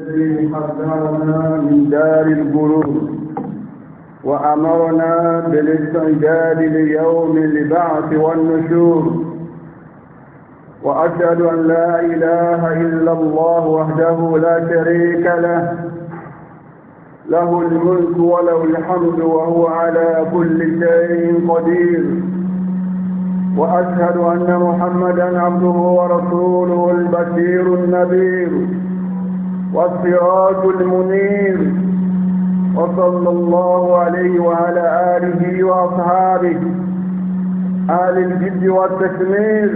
الذي من دار القلوب وأمرنا بالاستعداد ليوم البعث والنشور وأشهد أن لا إله إلا الله وحده لا شريك له له الملك وله الحمد وهو على كل شيء قدير وأشهد أن محمدا عبده ورسوله البشير النبير والصراط المنير وصلى الله عليه وعلى آله وأصحابه آل الجد والتثمير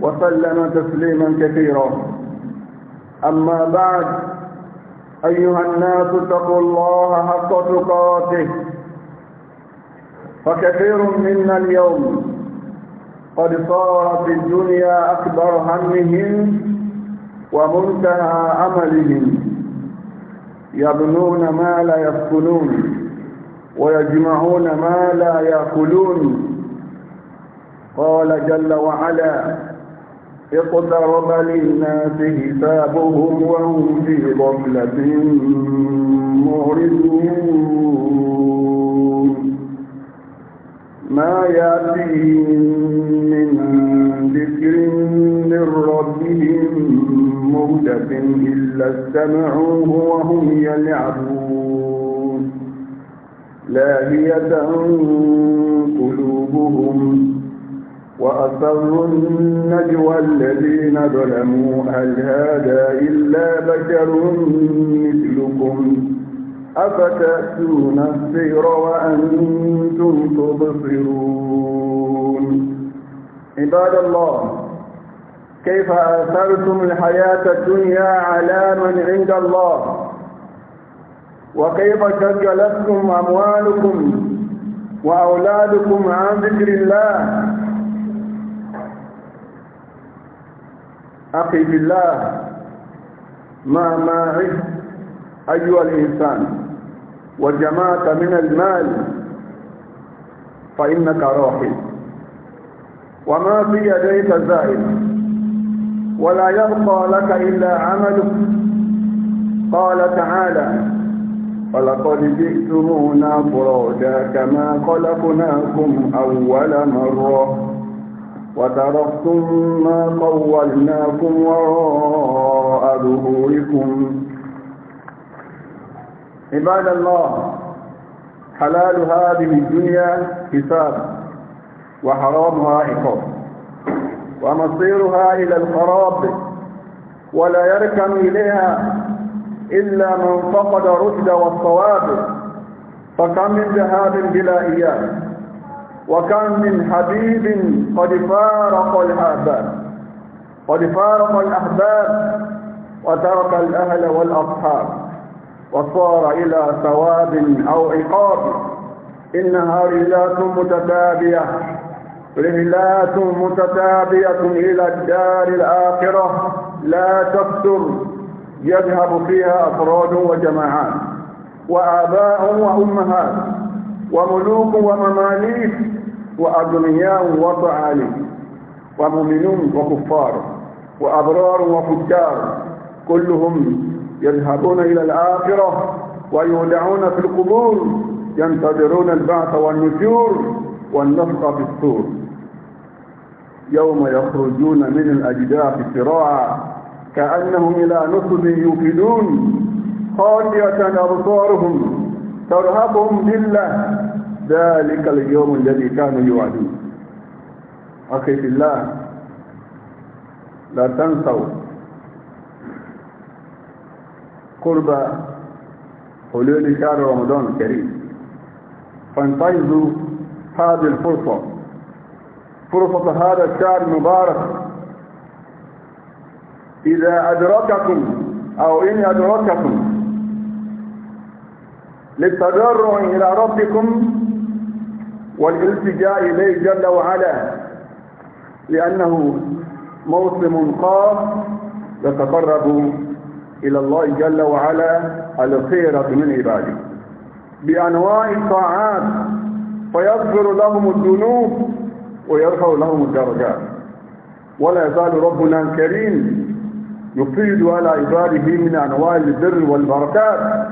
وسلم تسليما كثيرا أما بعد أيها الناس اتقوا الله حق تقاته فكثير منا اليوم قد صارت الدنيا أكبر همهم ومنتهى عملهم يبنون ما لا يسكنون ويجمعون ما لا يأكلون قال جل وعلا اقترب للناس حسابهم وهم في غفلة معرضون ما يأتيهم من ذكر من ربهم مهدف إلا استمعوه وهم يلعبون لاهية قلوبهم وأسروا النجوى الذين ظلموا هل هذا إلا بشر مثلكم أفتأتون السير وأنتم تبصرون عباد الله كيف آثرتم الحياة الدنيا على من عند الله وكيف شغلتكم أموالكم وأولادكم عن ذكر الله أخي بالله مهما عشت أيها الإنسان وجمعت من المال فإنك راحل وما في يديك زائد ولا يبقى لك إلا عملك قال تعالى ولقد جئتمونا فرادا كما خلقناكم أول مرة وتركتم ما قولناكم وراء ظهوركم عباد الله حلال هذه الدنيا حساب وحرامها عقاب ومصيرها إلى الخراب ولا يركن إليها إلا من فقد رشد والصواب فكم من ذهاب بلا إياب وكم من حبيب قد فارق الأحباب قد فارق الأحباب وترك الأهل والأصحاب وصار إلى ثواب أو عقاب إنها رهلات متتابية رهلات متتابية إلى الدار الآخرة لا تفتر يذهب فيها أفراد وجماعات وآباء وأمهات وملوك ومماليك وأغنياء وطعالي ومؤمنون وكفار وأبرار وفجار كلهم يذهبون إلى الآخرة ويودعون في القبور ينتظرون البعث والنشور والنفخ في الصور يوم يخرجون من الأجداف سراعا كأنهم إلى نصب يوقدون خاشية أبصارهم ترهبهم ذلة ذلك اليوم الذي كانوا يوعدون أخي في الله لا تنسوا قرب حلول شهر رمضان الكريم فانتظروا هذه الفرصة فرصة هذا الشهر المبارك إذا أدرككم أو إن أدرككم للتضرع إلى ربكم والالتجاء إليه جل وعلا لأنه موسم خاص يتقرب إلى الله جل وعلا الخيرة من عباده بأنواع الطاعات فيغفر لهم الذنوب ويرفع لهم الدرجات ولا يزال ربنا الكريم يفيد على عباده من أنواع البر والبركات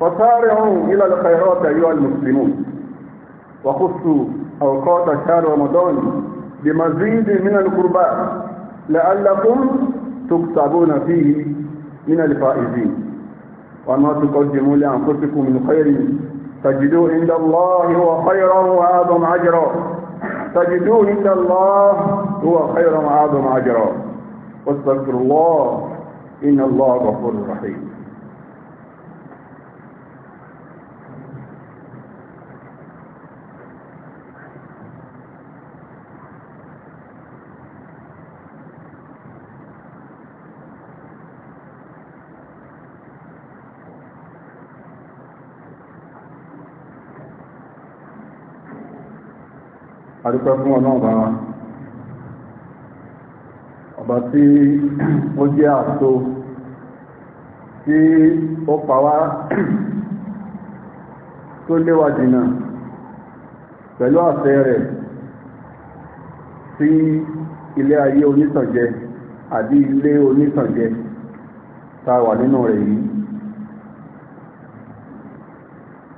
فسارعوا إلى الخيرات أيها المسلمون وخصوا أوقات شهر رمضان بمزيد من القربات لعلكم تكسبون فيه من الفائزين وما تقدموا لأنفسكم من خير تجدوه عند الله هو خيرا وأعظم أجرا تجدوه عند الله هو خيرا وأعظم أجرا واستغفر الله إن الله غفور رحيم adúpẹ́ fún ọlọ́ọ̀bá ọba tí ó jẹ́ àtò tí ó pàwá tó léwà jìnà pẹ̀lú àṣẹ rẹ̀ sí ilé ayé onítànjẹ àbí ilé onítànjẹ ta wà nínú rẹ̀ yìí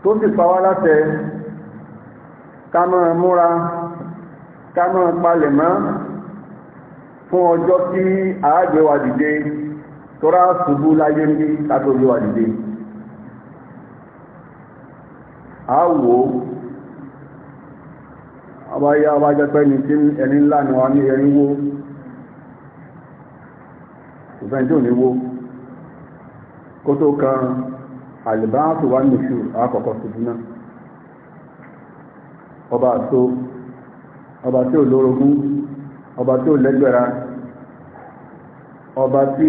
tó sì pàwá láṣẹ ká máa múra ká máa palẹ̀ mọ́ fún ọjọ́ tí àágbéwà dìde tọ́rá ṣubú láyé ní kátólíwà dìde àwò àbáyá àbájẹ́pẹ́ ní tí ẹni ńlá ni wà ní ẹni wó ìfẹ́jọ́ ní wó kó tó kan àlìbáàtò wà ní ìṣù àkọ́kọ́ ṣubú ọba àtó ọba tí ò lórogún ọba tí ò lẹ́gbẹ̀ra ọba tí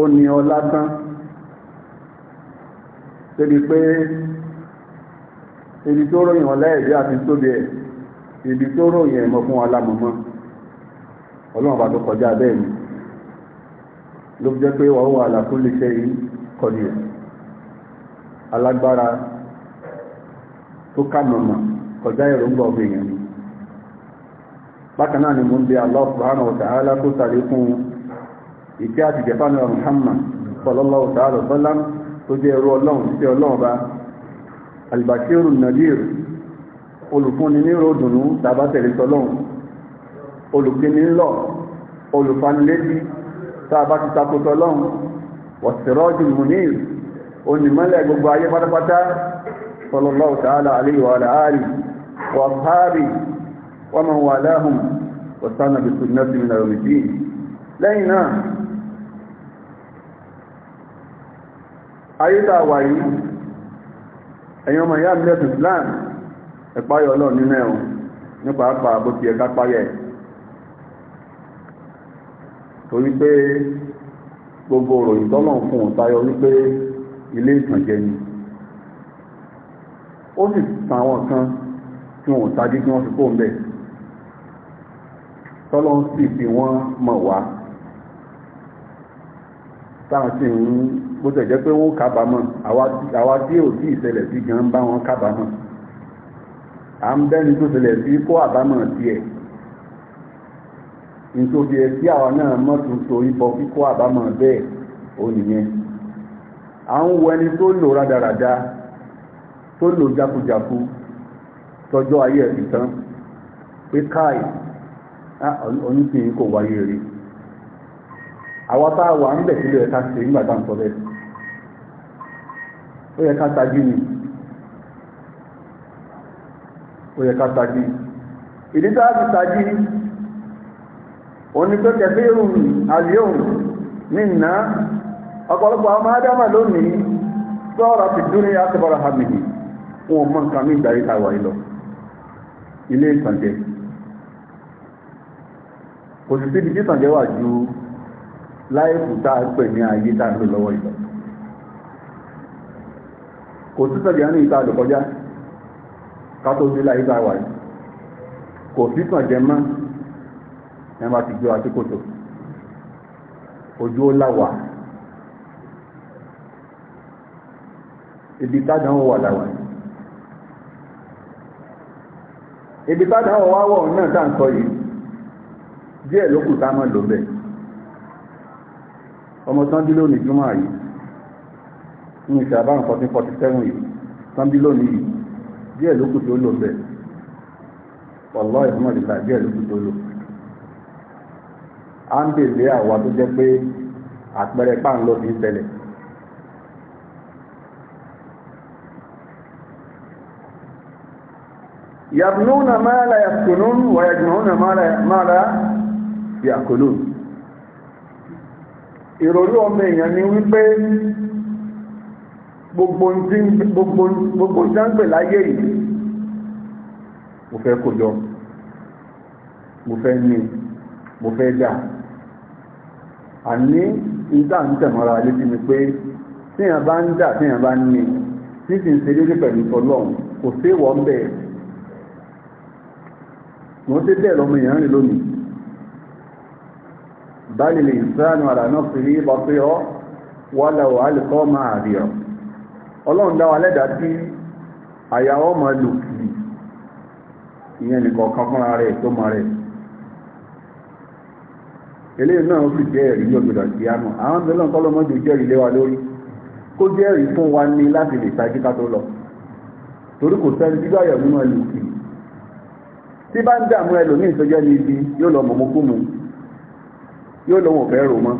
ó ní ọlá tán débi pé ibi tó ròyìn ọlá ẹ̀dẹ́ àti tóbi ẹ̀ ibi tó ròyìn ẹ̀mọ fún alámọ̀mọ́ ọlọ́run ọba tó kọjá bẹ́ẹ̀ ni ló fi jẹ́ pé wàá wà àlàkúlẹ̀ iṣẹ́ yìí kọ̀dì alágbára tó kà mọ̀mọ̀ kọjá èròǹgbà ọ̀gbìn yẹn ni bákan náà ni mo ń bẹ Allah subhanahu wa ta'ala kó sàlékún ìkẹ́ àti jẹ́fánà Muhammad sallallahu ta'ala sallam tó jẹ́ ẹrú ọlọ́run sí ọlọ́run bá albashiru nadir olùfúnni ní ròdùnú tàbátẹ̀lẹ̀ sọlọ́run wa alihi wa ashabihi ومن والاهم واستنى بسنته من يوم الدين لينا ايتا واي ẹ̀yin ọmọ ìyá mílẹ̀ islam ẹ̀páyọ̀ ọlọ́run nínú ẹ̀hùn nípa àpá bó ti ẹ̀ká páyẹ̀ torí pé gbogbo òròyìn tọ́lọ̀ fún òtayọ wípé ilé ìtànjẹ ni ó sì tàwọn kan tí wọn ò kí wọ́n fi kó ń tọ́lọ́ ń sì fi wọ́n mọ̀ wá táwọn sì ń bó tẹ̀ jẹ́ pé wọ́n kábàámọ̀ àwa tí ò tí ìṣẹ̀lẹ̀ sí gan ń bá wọn kábàámọ̀ à ń bẹ́ni tó ṣẹlẹ̀ sí kó àbámọ̀ tiẹ̀ nítorí ẹ tí àwa náà mọ̀ tún torí bọ kíkó àbámọ̀ bẹ́ẹ̀ ó nìyẹn à ń wo ẹni tó lò rádaràda tó lò jákujàku tọjọ́ ayé ẹ̀ tán pé káyìí Ah, oníṣìí kò wáyé rí àwọn a wà ń bẹ̀ sílẹ̀ ẹ̀ka ṣe nígbà ń ó yẹ ká tají ni ó yẹ ká tají ìdí tá tají òní pé irun ìrùn àlíyóhùn nínà ọ̀pọ̀lọpọ̀ àwọn adámà lónìí sọ́ọ̀rọ̀ fi dúnrí wọn nǹkan mí wà kò sì síbi títàn jẹ́ wà ju láìpù tá a pè ní ayé tá a lò lọ́wọ́ ìlọ kò sí tàn jẹ́ ní ìta lò kọjá ká sí láyé tá a wà yìí kò sí tàn jẹ́ mọ́ ẹ máa ti gbé wa sí kòtò ojú ó láwà ibi tádàn wà láwà ibi tádàn wà wọ̀ náà tá ń sọ yìí díẹ̀ ló kù táwọn ọmọ sandilo ní júmọ̀ yìí 1447 yìí sandilo yìí díẹ̀ ló kù tó lò bẹ̀ ọ̀lọ́ ìfúnmọ̀ ìgbà díẹ̀ ló kù lò ń bèèrè àwa tó yàbùnúnà máa máa yàkólò ìròrí ọmọ èèyàn ni wípé gbogbo jáǹgbè láyé yìí mo fẹ́ kò jọ mo fẹ́ ní mo fẹ́ dà àní ìdá ń tẹ̀mọ́ra létí ni pé tíyàn bá ń dà tíyàn bá ń ní títí ń ṣe dédé pẹ̀lú ọlọ́run kò sí ìwọ̀ ń bẹ̀ẹ̀ mo ti bẹ́ẹ̀ lọ́mọ èèyàn rìn lónìí بل الإنسان على نفسه ولو ọlọ́run dá wa tí àyà lò kìí ìyẹn nìkan kan rẹ̀ tó rẹ̀ náà fi jẹ́ ẹ̀rí ní ọ̀gbẹ̀dọ̀ sí àmà àwọn ọ̀dọ́ náà kọ́lọ́ mọ́jú jẹ́rìí lé wa lórí kó jẹ́rìí fún wa ní láti lè ṣáájú ká tó lọ torí kò sẹ́ni tí báyọ̀ nínú ẹlòmíì tí bá ń dààmú jẹ́ ní ibi yóò lọ mọ̀mọ́kú mu yóò lóun òfẹ́ rò mọ́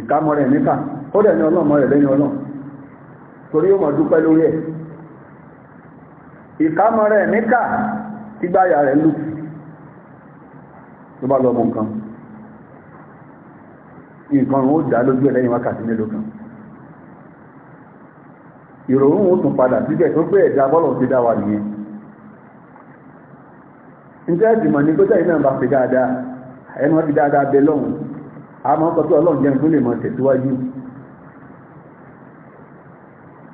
ìkámọ́ rẹ̀ níkà ó dẹ̀ ní ọlọ́mọ rẹ̀ ọlọ́ torí ó mọ̀ dúpẹ́ lórí ẹ̀ ìkámọ́ rẹ̀ níkà gbáyà rẹ̀ lù tó bá lọ́mọ nǹkan nǹkan ó dá lójú ẹ̀ lẹ́yìn kan ó tún padà síbẹ̀ tó pé ẹ̀dá bọ́lọ̀ ti dá wa nìyẹn bá fi dáadáa ẹni wọ́n fi dáadáa bẹ lọ́hùn àmọ́ ọkọ̀ tí ọlọ́run jẹun tó lè mọ̀ tẹ̀síwájú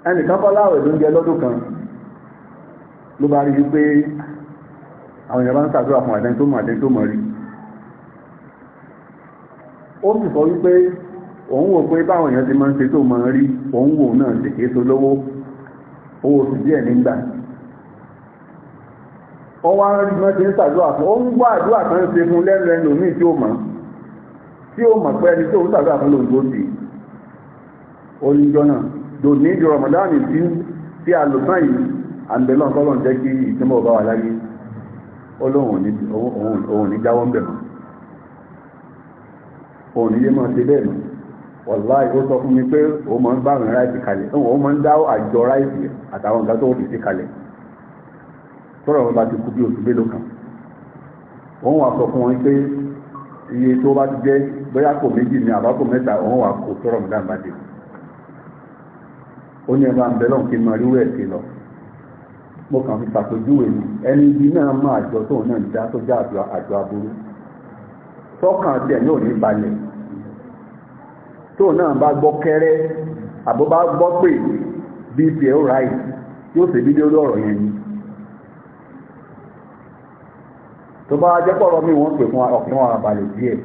ẹnìkan kọ́ láwẹ̀ ló ń jẹ lọ́dún kan ló bá rí wípé àwọn èèyàn bá ń ṣàdúrà fún àdẹ́ni tó mọ̀ àdẹ́ni tó mọ̀ rí ó sì sọ wípé òun wò pé báwọn èèyàn ti máa ń ṣe tó mọ̀ rí òun wò náà ṣèké so lówó owó oṣù díẹ̀ nígbà wọ́n wá ń ṣàdúrà fún ó ń gbọ́ àdúrà ń fún tí ó mọ̀ tí ó mọ̀ pé ẹni tí òun ṣàdúrà fún lòun tó sì oníjọ́ ní dòní ramadan tí tí a lò sàn yìí àǹdẹ̀lọ́ kọ́lọ̀ jẹ́ kí ìtumọ̀ bá wà láyé ní jáwọ́ bẹ̀ mọ́ òun ní mọ́ tọ́rọ̀ ọba ti kú bí oṣù mélòó kan òun wà sọ fún wọn pé iye tó bá ti jẹ́ bóyá kò méjì ní àbákò mẹ́ta òun wà kó tọ́rọ̀ ọ̀gá àbájẹ ó ní ẹ̀bá ń nọ kí n máa rí wẹ́ẹ̀ sí lọ mo kàn fi ṣàpèjúwe ẹni ibi náà àjọ náà ń dá tó já àjọ aburú tọ́kàn tiẹ̀ balẹ̀ náà bá gbọ́ kẹ́rẹ́ gbọ́ pé bíi tiẹ̀ ó ráì yóò ṣe bí lórí ọ̀rọ̀ tó bá jẹ́ pọ̀rọ̀ mi wọ́n pè fún ọ̀fin àbàlẹ̀ díẹ̀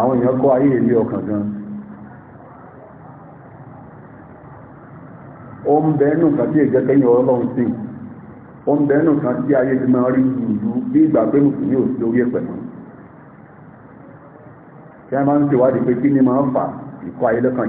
àwọn èèyàn kọ́ ayé ilé ọkàn gan o ń bẹ́ẹ̀nù kan tí èjẹ́ ọlọ́run sí ó ń kan tí ayé ti máa rí ìlú bí ìgbà pé mùsùlùmí ò sí orí ẹ̀pẹ̀ mọ́ kí a máa ń ṣèwádìí pé kí ni máa ń fà ìkọ́ ayé lọ́kàn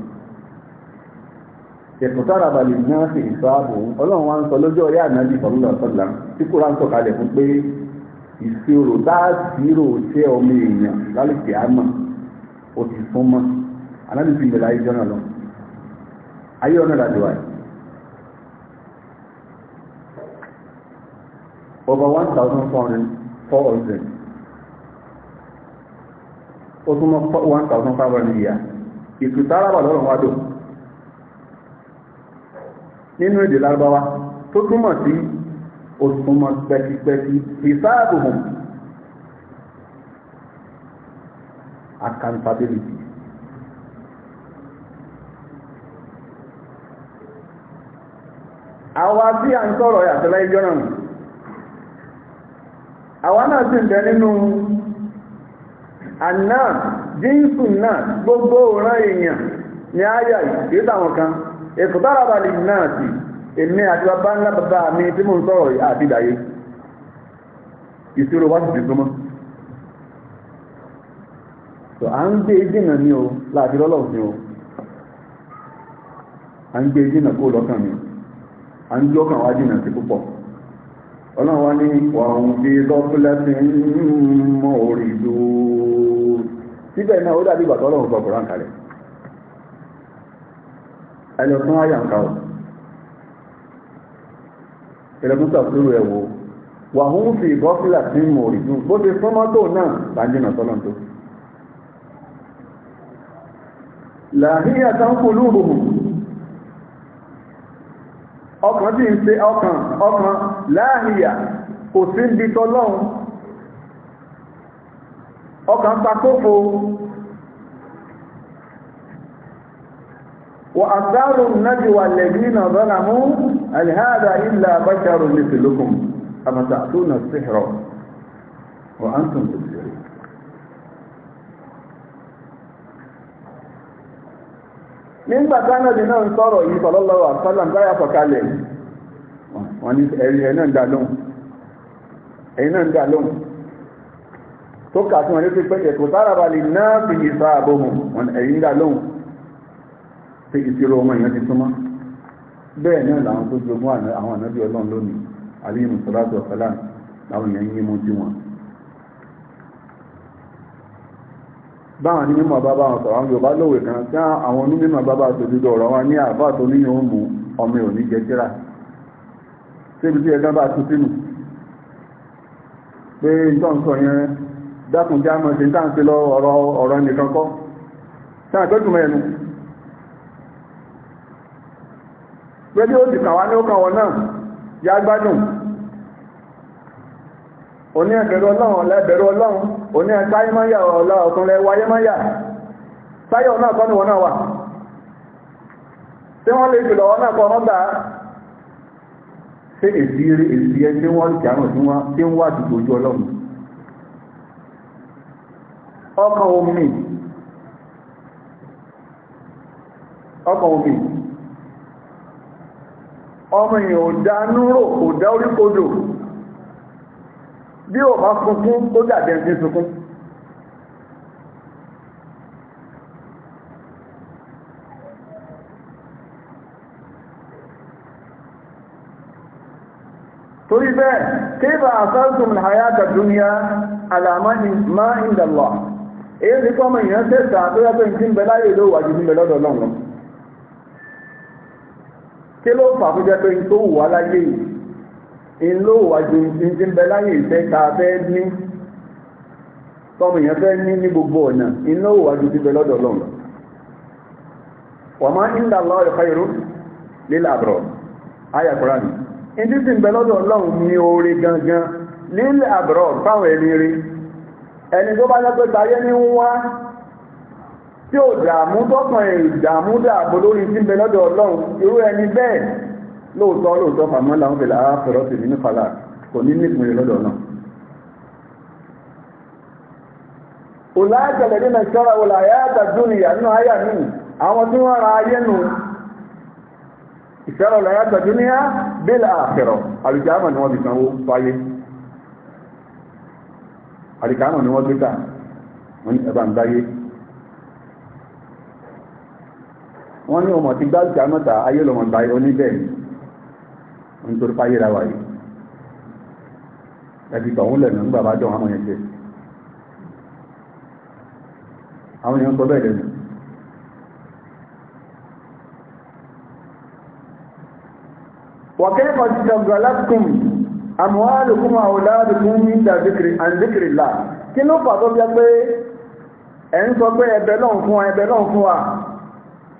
ìkùtàrà balẹ̀ náà sì ìsọ ààbò ọlọ́run wa ń sọ lójú ọ̀yá ànábì sọ̀rọ̀ tí kúrò ń sọ̀kalẹ̀ fún pé ìṣirò dáàsìrò tẹ ọmọ èèyàn lálùkì àmà ó ti fún mọ́ ànábì fi ayéjọ́ náà lọ ayé ọ̀nà ìdájọ́ over one thousand four hundred four hundred ó one thousand five hundred balẹ̀ ọlọ́run dùn. nínú èdè lárúbáwá tó túmọ̀ sí òṣùnmọ̀ pẹ̀kipẹ̀ki ìsáàbùhùn accountability àwa tí a ń sọ̀rọ̀ àtẹ́lá ẹjọ́ náà àwa náà sì ń bẹ nínú àná jíǹsù náà gbogbo òran èèyàn ní àyà ìgbésàwọn kan ìfọ̀dára lè náà sí èmi àti mi tí mò ń sọ̀rọ̀ àti ìdàyé ìṣirò wá sì o o à ń gbé jìnà kó mi à ń lọ́kàn wá jìnà sí púpọ̀ ọlọ́run wá ní wàhùn bí lọ́pẹ́lẹ́ ti ń orí síbẹ̀ náà ó dàbí ẹni ọ̀tún ayà ń kàwọ̀ ìrẹ̀gúnsà fúrú ẹ̀ wò wà hún fi gọ́fìlà sí mò ìdún bó ṣe sọ́mọ́tò náà lájìnà sọ́nà tó làhíyà táǹkù lúrùhù ọkàn tí ń ṣe ọkàn ọkàn láàhíyà kò sí ń di tọ́lọ́run ọkàn takófo Wa النجوى الذين ظلموا هل هذا إلا بشر مثلكم أما تأتون السحر وأنتم تبصرون nígbà tánàbí náà ń sọ̀rọ̀ yìí sallallahu alaihi wasallam láyà fọ̀kalẹ̀ wọ́n ní ẹ̀rí ẹ̀ náà ń dà lóhùn ẹ̀yìn náà ń dà lóhùn tó kà tí wọ́n ní pípẹ́ ẹ̀kọ́ pé ìṣirò ọmọ èèyàn ti súnmọ́ bẹ́ẹ̀ náà làwọn tó jogún àwọn ànábì ọlọ́run lónìí àlẹ́ ìmùsọ̀láṣọ ọ̀sálà làwọn èèyàn ń yé mú sí wọn báwọn ní mímọ̀ bá báwọn sọ̀rọ̀ àwọn Yorùbá lóòwè kan tí àwọn onímọ̀ bá bá sojúdó ọ̀rọ̀ wọn ní àbá tó ní yóò mú ọmọ òní jẹ tíra síbi tí ẹgbẹ́ bá tún sínú pé ìtọ́nsọ yẹn dákùnjá mọ̀ sí táǹsí lọ ọ̀rọ̀ nìkan kọ́ tí àtọ́jùmọ̀ ẹnu pé ó ti kàwá ní ó kàwọ́ náà yá gbádùn oní ẹ̀bẹ̀rù ọlọ́run ọ̀lẹ́bẹ̀rù ọlọ́run oní ẹ̀ táyé máyà ọ̀la ọ̀túnlẹ̀ wáyé máyà táyọ̀ náà kọ́ níwọ̀n náà wà tí wọ́n lè jùlọ lọ́wọ́ náà kọ́ wọ́n gbà á ṣé èsì ẹ tí wọ́n ti àrùn tí ń wá àdúgbò ojú ọlọ́run ọkàn omi ọkàn omi ọmọ èèyàn ò dá núrò kò dá orí kodò bí ò bá sunkún tó dàbí ẹni sunkún torí bẹ́ẹ̀ kéèbà àsáàtùn àyàtà dúnmíà àlàmà ìdàlọ́ èyí tí kọ́mọ̀ èèyàn tẹ́ta tó yàtọ̀ ìtí ń bẹ láyé ló wà jù ní bẹ̀lọ́dọ̀ lọ́wọ́ kí ló fà jẹ́ pé tó wù láyé yìí ń ti ń bẹ láyé ìfẹ́ ta fẹ́ ní tọ́mọ èèyàn fẹ́ ní ní gbogbo ọ̀nà ń ti bẹ lọ́dọ̀ lọ́nà wàmá ìndà lọ́rẹ̀ fẹ́rú lílà àbúrọ̀ ìdí lọ́dọ̀ ní oore gangan lílà ẹni rí ẹni tó bá lọ́pẹ́ ní tí ò dààmú tọkàn ẹ̀ dààmú dààbò lórí tí ń bẹ lọ́dọ̀ ọlọ́run irú ẹni bẹ́ẹ̀ lóòótọ́ lóòótọ́ fàmọ́ làwọn fẹ̀lẹ̀ àáfẹ̀rọ̀ sí nínú fàlà kò ní ní ìpínlẹ̀ lọ́dọ̀ náà. òláàjẹ̀lẹ̀ nínú ìṣọ́ra wọlé àyáàtà dúnìyà nínú àyà mi àwọn tí wọ́n ra ayé nu ìṣọ́ra wọlé àyáàtà dúnìyà bẹ́ẹ̀ àfẹ̀rọ̀ àlùjáàmà ni wọ́n fi sanwó fáyé àlùjáàmà ni wọ́n gbé ta wọ́n wọ́n ní ọmọ tí gbáàgbà mọ́ta ayé lọ́mọ gba oníbẹ̀ nítorí páyé ra wáyé ẹbí tọ̀hún lẹ̀nà nígbà bá dán àwọn yẹn jẹ àwọn èèyàn sọ bẹ́ẹ̀ lẹ́nu wọ̀kẹ́kọ̀ọ́ ti dọ̀gbọ̀ látùkùn àmúhálùkùn àwòládùkùn ní ìdàzíkìrì là kí ló fà tó jẹ́ pé ẹ̀ ń sọ pé ẹbẹ̀ náà fún ẹbẹ̀ náà fún wa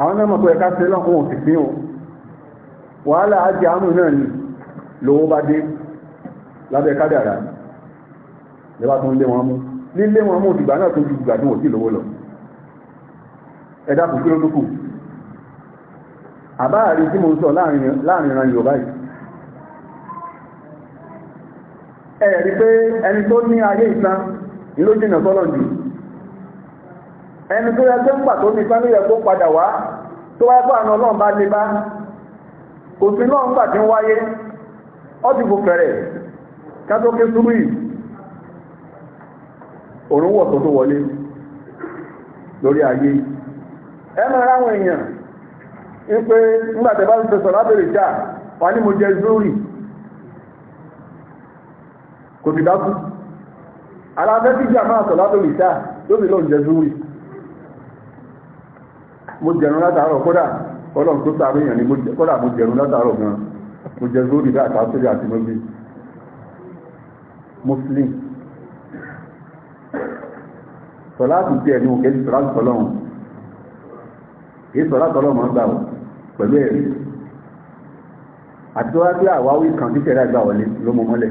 àwọn náà mọ̀ pé ẹ̀ka ṣe lọ́kùn òsì o wàhálà ajé àánú náà ni lówó bá dé lábẹ́ kádàrá lẹ́bàá tó ń lé wọn mú lílé wọn mú ìgbà náà tó ju ìgbà tó wò sí lówó lọ ẹ̀dá kò kí ló tó kù àbáàrí tí mo ń sọ láàrin ìran Yorùbá yìí ẹ̀rí pé ẹni tó ní ayé ìsan ló jìnà sọ́lọ̀ ẹni tó yẹ pé ń pàtó ní sáré yẹ kó padà wá tó wáyé fún ọlọ́run bá lè bá òfin náà ń gbà tí ń wáyé wọle lori fẹ̀rẹ̀ kátókè súrú yìí òun wọ̀ tó tó wọlé lórí ayé ẹnu ráwọn èèyàn ń pé ńgbàtẹ̀ bá ń sọ mo jẹ zúrì kò sì dákú aláfẹ́ jà máa mo jẹ̀rún látàárọ̀ kódà ọlọ́run tó sáré èèyàn ni kódà mo jẹ̀rún látàárọ̀ gan mo jẹ lórí bá àtàkùnrin àti mọ́bí muslim sọláàtù tí ẹni òkè sọláàtù tọ́lọ́run èyí sọláàtù tọ́lọ́run máa ń gbà wọ pẹ̀lú ẹ̀rí àti wá bí àwáwí kan tí tẹ̀lé àgbà wọlé ló mọ mọ́lẹ̀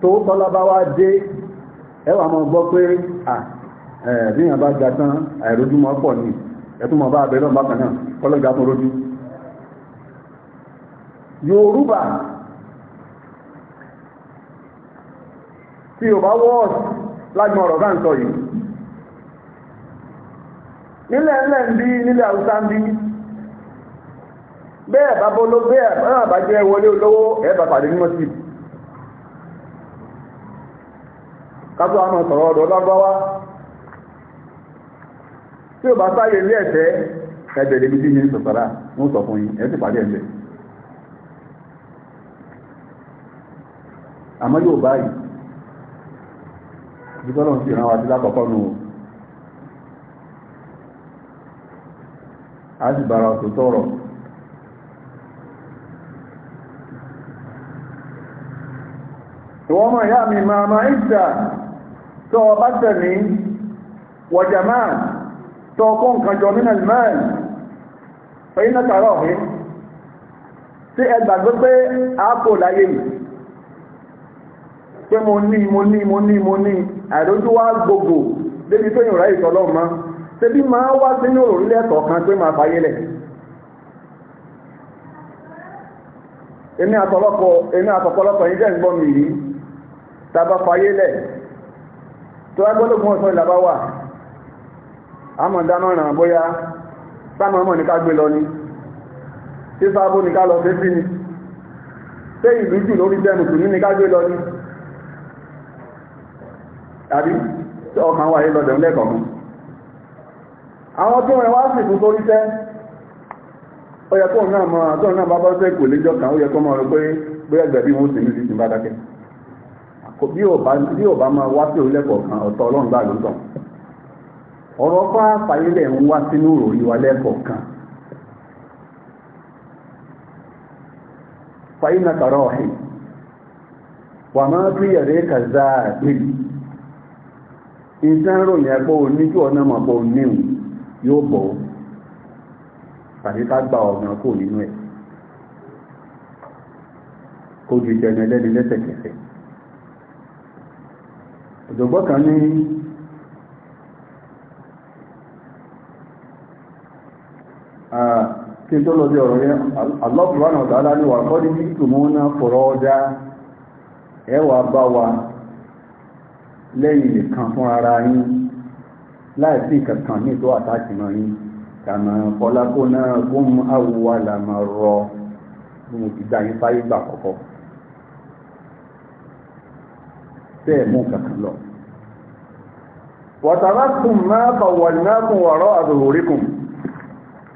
tó tọ́lá bá wá dé ẹwà máa gbọ́ pé bí yàn bá ga tán àìrójúmọ́ pọ̀ ní ẹ̀túnmọ̀ bá abẹ́rẹ́ ọ̀bá kan náà kọ́lọ́gà tó rójú yorùbá tí ò bá wọ́ọ̀sì lágbọn ọ̀rọ̀ náà ń sọ yìí nílẹ̀ ńlẹ̀ ń bí nílẹ̀ haúsá ń bí bẹ́ẹ̀ bá bọ́ bẹ́ẹ̀ tí o bá sáyé ilé ẹ̀tẹ́ ẹgbẹ̀rẹ̀ ibi tí ní ń sọ̀tàrà ń sọ fún pàdé àmọ́ yóò báyìí sí ìran nù a sì bára ọ̀tọ̀ ìwọ́n mọ̀ ìyá mi tó kó nǹkan jọ nínú ìmẹ́rin oyin náà tààrọ̀ ọ̀hẹ́ tí ẹ gbàgbé pé àápò láyé mi pé mo ní mo ní mo ní mo ní àìrójú wá gbogbo débi tó yìnbọn ráyè tọ́lọ́ mọ́ tẹbí máa wá sínú òrùlẹ̀ kọ̀ọ̀kan pé máa fàyè lẹ̀ èmi àtọ̀lọ́pọ̀ èmi àtọ̀pọ̀lọpọ̀ ọ̀sán ìlàbá wà àmọ̀ dámọ̀ràn bóyá sámọ̀mọ̀ ní ká gbé lọ ní tí sábó ní ká lọ sí sí ni pé ìlú jù lórí jẹ́mù tù ní ká gbé lọ ní àbí tí ọkàn wà yí lọ́dẹ̀ lẹ́kọ̀ọ́ mú àwọn tí wọ́n wá sì fún sórí tẹ́ ó yẹ kóun náà mọ́ àtọ́n náà bá bọ́ sí èkó léjọ́ kan ó yẹ kó mọ́ rẹ̀ pé bóyá gbẹ̀bí wọn ó sì ní ìsìn bá dákẹ́ bí ò bá máa wá sí orílẹ̀ kọ̀ọ̀kan ọ̀tọ̀ ọlọ́run gbà lóòótọ́ ọ̀rọ̀ fáfáyé lẹ̀ ń wá sínú òròrí wa lẹ́kọ̀ọ̀kan fàyínà tàrọ̀ ọ̀hìn wà máa tún ẹ̀rẹ́ kàzá àgbèrè ìtàn ròyìn ẹ̀pọ̀ oníjú ọ̀nà mọ̀pọ̀ oníhùn yóò bọ̀ tàbí ká gba ọ̀nà kò nínú ẹ̀ kó ju jẹnu ẹlẹ́ni lẹ́sẹ̀kẹsẹ̀ òjògbọ́n kan ní kí n tó lọ bí ọ̀rọ̀ yẹn alọ́pùlọ́ náà dáadáa ní wà kọ́ ní kíkù mú ná fọ̀rọ̀ ọjà ẹwà bá wa lẹ́yìn nìkan fún ara yín láìsí kankan ní tó àtàkì mọ́ yín kàmà fọlákó náà kún àwùwà làmà rọ bí mo ti fáyé gbà kọ́kọ́ tẹ́ẹ̀ mú kankan lọ wàtàrà kùn máa náà kùn wàrọ̀ àbòhórí kùn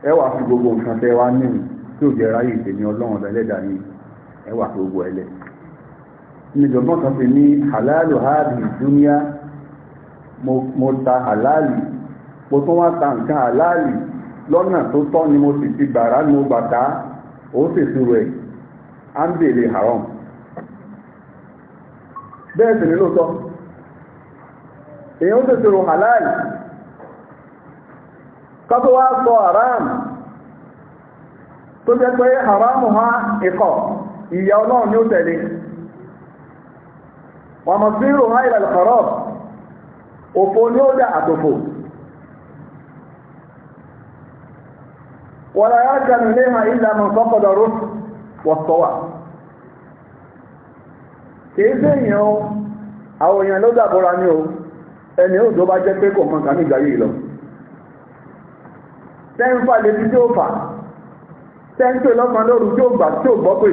ẹ wà fi gbogbo nǹkan tẹ wá nínú tí ò jẹ́ ráyè tèmi ọlọ́run ọ̀dẹ́lẹ́dà yìí ẹ wà fi gbogbo ẹlẹ́ níjọ̀gbọ́n kan fi ní hàlálù háàbì dúníà mo ta hàlálì mo tún wá ta nǹkan hàlálì lọ́nà tó tọ́ ni mo sì ti gbàrá ni mo bàtà ó sì fi rẹ̀ á ń bèèrè haram bẹ́ẹ̀ sì ní lóòótọ́ èèyàn ó sì rò hàlálì tọ́tọ́ wá sọ haram tó jẹ́ pé ha ikọ̀ ìyà ọlọ́run ní ó tẹ̀lé wọ́n mọ̀ sí ìrò ha ìlàlẹ̀ òfò ní ó dà àtòfò wọ́n láyá kẹnu ilé ha sọ́kọ̀dọ̀rọ̀ kìí sí ló dàbọ̀ra ní o ẹni ó jẹ́ pé kò mọ̀ tẹ́ńfà lébi tí ó fà tẹ́ńpẹ́ lọ́kàn lóru tí gbà tí gbọ́ pé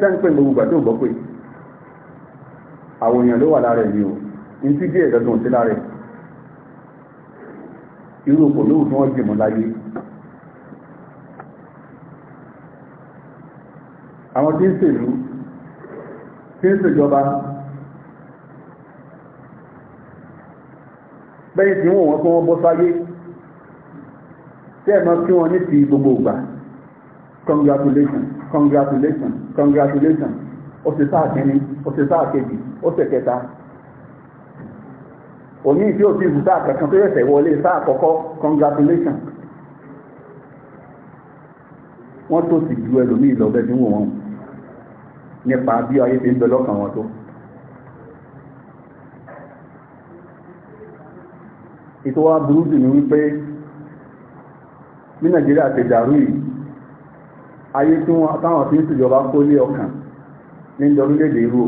tẹ́ńpẹ́ gbogbo gbà tí gbọ́ pé àwọn èèyàn ló wà lára ẹ̀mí o ní tí díẹ̀ dọ́gbọ̀n sí lára irú kò lóòrù tí wọ́n jìmọ̀ láyé àwọn tí ń ṣèlú tí ń ṣèjọba bẹ́yìn tí wọ́n wọ́n tó wọ́n bọ́ sáyé tẹ́ mọ́ kí wọ́n ní ti gbogbo ìgbà congratulations congratulations congratulations ó ṣe sáà kínní ó ṣe sáà kejì ó ṣe kẹta òní tí ó ti ìlú sáà kankan tó yẹ̀sẹ̀ wọlé sáà kọ́kọ́ congratulations wọ́n tó sì ju ẹlòmíì lọ bẹ́ẹ̀ tí wọ́n wọ́n nípa bí ayé ti ń bẹ lọ́kàn wọn tó ètò wa burú wípé ní nàìjíríà ti dàrú yìí ayé tí wọ́n táwọn fi ń ṣèjọba kó lé ọkàn ní ìjọ orílẹ̀-èdè irú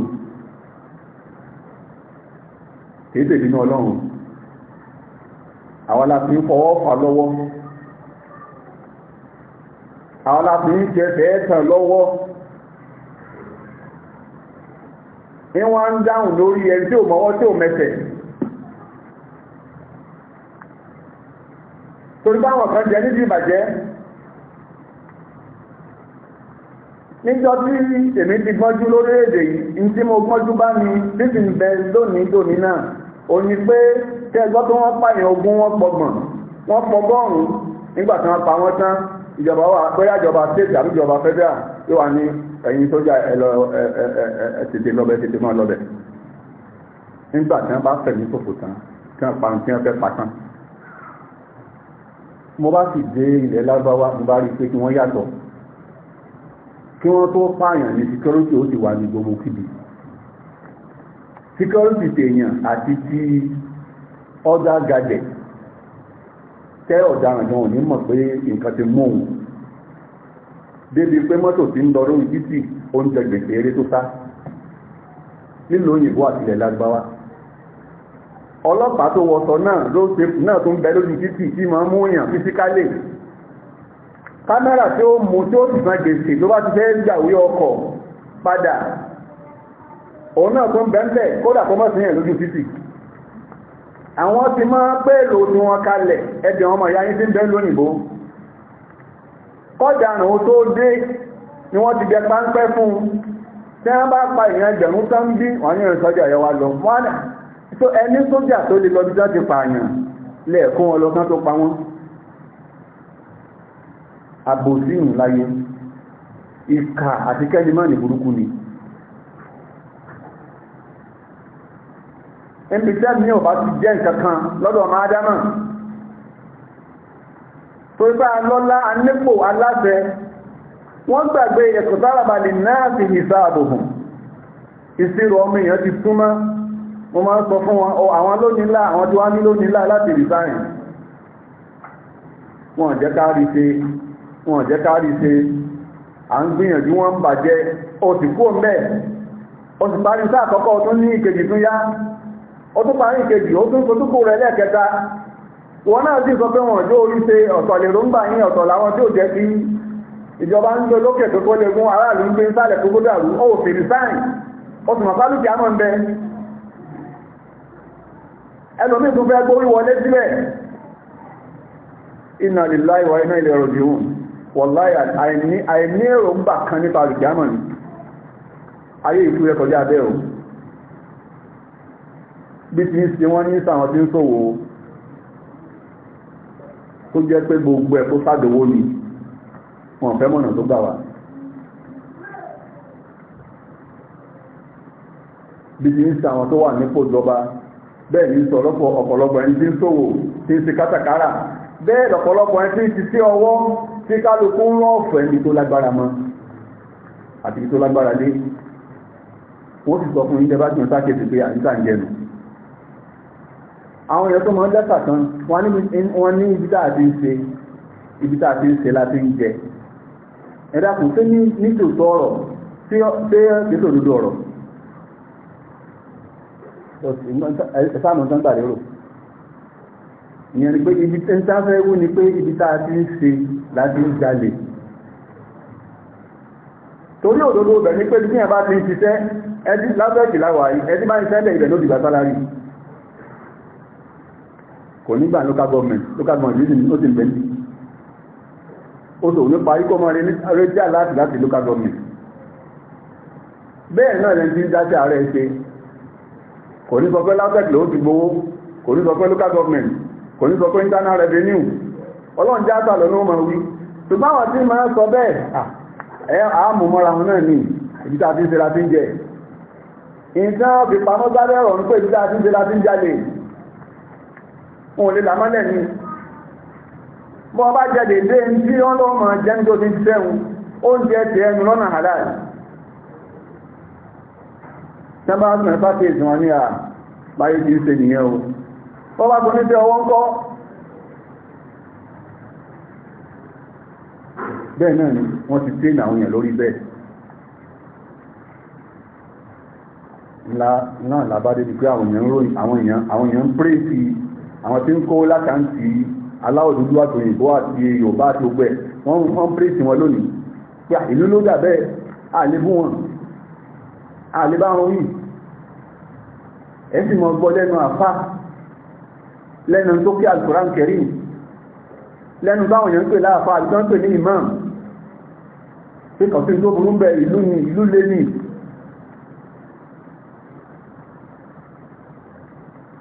kìí tèbi ní ọlọ́run àwọn láti ń fọwọ́ fà lọ́wọ́ àwọn láti ń jẹsẹ̀ ẹ̀tàn lọ́wọ́ ìwọ̀n ń dáhùn lórí ẹni tí ò mọ́wọ́ tí ò mẹ́sẹ̀ torí báwọn kan jẹ níbi ìbàjẹ́ níjọ́ tí èmi ti gbọ́njú lórílẹ̀-èdè yìí ní tí mo gbọ́njú bá mi bíbí ń bẹ lónìí dòní náà o ní pé kẹgbọ́ tó wọ́n pààyàn ogún wọ́n pọgbọ̀n wọ́n pọgọ́rùn-ún nígbà tí wọ́n pa wọ́n tán ìjọba wà bóyá ìjọba state àbí ìjọba federal yóò wà ní ẹ̀yìn sójà ẹ̀lọ ẹ̀tẹ̀tẹ̀ lọ́bẹ̀ ẹ̀tẹ̀tẹ̀ máa lọ́bẹ̀ nígbà tí wọ́n bá fẹ̀mí ṣòfò tán tí wọ́n pa tí wọ́n fẹ́ pa tán mo bá sì dé ilẹ̀ lágbáwá mo bá rí pé kí wọ́n yàtọ̀ kí wọ́n tó pààyàn ní security ó ti wà ní gbogbo kìbì security tèèyàn àti ti ọjà gadẹ̀ tẹ́ ọ̀daràn gan òní mọ̀ pé nǹkan ti mú òun débi pé mọ́tò ti ń lọ lórí títì oúnjẹ gbèsè eré tó sá nílùú òyìnbó àtìlẹ̀ lágbáwá ọlọ́pàá tó wọ̀sọ̀ náà road safety náà tó ń bẹ lójú títì tí máa mú èèyàn fisikálì kámẹ́rà tí ó mú tí ó sì san gbèsè ló bá ti fẹ́ gbàwé ọkọ̀ padà òun náà tó ń bẹ ń bẹ̀ kódà kó mọ̀ sí yẹn lójú títì àwọn ti máa pẹ́ẹ̀lò tí wọ́n kalẹ̀ ẹgbẹ̀ ọmọ ìyá yín tí ń bẹ lónìbó kọ́dàrùn tó dé ni wọ́n ti jẹ páńpẹ́ fún tí wọ́n bá pa ìyẹn ẹgbẹ̀rún tán bí wọ́n ní ìrìnsọ́jà yẹn wá lọ so ẹni sójà tó lè lọ bí jáde pààyàn lẹ́ẹ̀kún ọlọ́gán tó pa wọ́n àbòsíhùn láyé ìkà àti kẹ́lìmọ́nì burúkú ni ẹni tẹ́ mi ò bá ti jẹ́ nǹkankan lọ́dọ̀ ọmọ adámà tó ipá lọ́lá anípò aláṣẹ wọ́n gbàgbé ẹ̀kọ̀tàràbà lè náà fi ìsáàbò hàn ìṣirò ọmọ èèyàn ti súnmọ́ mo máa ń sọ fún wọn oh, àwọn lónílá àwọn tí wọ́n ní lónílá láti resign wọn ò jẹ́ ká rí ṣe wọn ò jẹ́ ká rí ṣe à ń gbìyànjú wọn ń bàjẹ́ ó sì kú ọ̀mẹ́ ó sì parí sáà àkọ́kọ́ ó tún ní ìkejì tún yá ó tún parí ìkejì ó tún sojúkú rẹ̀ lẹ́ẹ̀kẹta wọn náà sì sọ pé wọn ò jó orí ṣe ọ̀tọ̀ lè ló ń gbà yín ọ̀tọ̀ làwọn tí ò jẹ́ sí ìjọba ń gbé lókè tó kó lè gún aráàlú ń gbé sálẹ̀ tó kó dàrú ó ò fèrè sáìn ó sì mọ̀ pálùkì àmọ́ ń bẹ ẹlòmí tó fẹ́ gbórí wọlé sílẹ̀ inna lillahi wa inna ilaihi raji'un wallahi àìní èrò ń bà kan nípa àlùkìyàmọ̀ ni ayé ìkú rẹ̀ kọjá abẹ́ o bí ti ń ṣe wọ́n ní sàwọn tí ń ṣòwò tó jẹ́ pé gbogbo ẹ̀ tó sádowó ni wọ́n fẹ́ mọ̀nà tó gbà wá bí ti ń ṣe àwọn tó wà nípò ìjọba bẹ́ẹ̀ ní sọ̀lọ́pọ̀ ọ̀pọ̀lọpọ̀ ẹni tí ń ṣòwò tí ń ṣe kátàkárà bẹ́ẹ̀ lọ̀pọ̀lọpọ̀ ẹni tí ń ti sí ọwọ́ tí kálukú ń rán ọ̀fẹ́ ní tó lágbára mọ́ àti tó lágbára lé wọ́n sì sọ fún ìjẹba tí wọ́n sáké ti pé àyíká ń jẹnu àwọn èèyàn tó máa ń dẹ́sà kan wọ́n ní ibi tá àti ń ṣe ibi tá àti ń ṣe láti ń jẹ ẹ̀dá kùn ní tòótọ́ ọ̀rọ̀ sí ètò òdodo ọ̀rọ̀ ẹ̀sánù tán gbà lérò ìyẹn ni pé ibi tẹ́ ń sáfẹ́ wú ni pé ibi tá a ti ń ṣe láti ń jalè torí òdodo ọbẹ̀ ní pé bí i bá ti ń ṣiṣẹ́ ẹdí lábẹ́ẹ̀kì láwà yìí ẹdí máa ń sẹ́lẹ̀ ibẹ̀ lódìgbà sálárì kò nígbà local government local government yìí ó sì ń bẹ̀ ní ó sòwò nípa ikọ́ ọmọ rẹ̀ rẹ̀ jà láti local government bẹ́ẹ̀ náà lẹ́ni tí ń dá sí ààrẹ ṣe kò ní sọ pé LAUTECH ló ti gbowó kò ní sọ pé local government kò ní sọ pé internal revenue ọlọ́run já sà lọ́nà ọmọ wí ṣùgbọ́n àwọn tí máa sọ bẹ́ẹ̀ àmúmọ́ra wọn náà ní ibi tá a ti ń ṣe la ti ń jẹ ìtàn ìpamọ́ sáré ọ̀rọ̀ ń pè ibi tá a ti ń ṣe la ti ń jalè òun lè làmọ́lẹ̀ ni bọ́ ọba jẹ dèdè ń tí wọ́n jẹ́ ń tó ti ń sẹ́wọ̀n oúnjẹ tẹ̀ lọ́nà halal tẹ́bá ọdún ẹ̀fà kí èsì wọn ní wọ́n ní ọwọ́ ń kọ́ bẹ́ẹ̀ náà ni wọ́n ti tẹ́ àwọn èèyàn lórí bẹ́ẹ̀ náà làbádé ti pé àwọn èèyàn ròyìn àwọn èèyàn àwọn èèyàn ń pèrè sí àwọn tí ń kó lákàntì aláwọ̀ dúdú àtòyìnbó àti yorùbá àti gbogbo ẹ̀ wọ́n ń pèrè sí wọn lónìí pé ìlú ló dà bẹ́ẹ̀ àlébú wọn àlébá wọn yìí ẹ sì mọ̀ gbọ́ lẹ́nu àfá lẹ́nu tó kí alkùrán kẹrì lẹ́nu báwọn èèyàn ń pè láàfá àdúgbọ́n pè ní imam pé kọ̀sí tó burú bẹ ìlú ni ìlú lé ní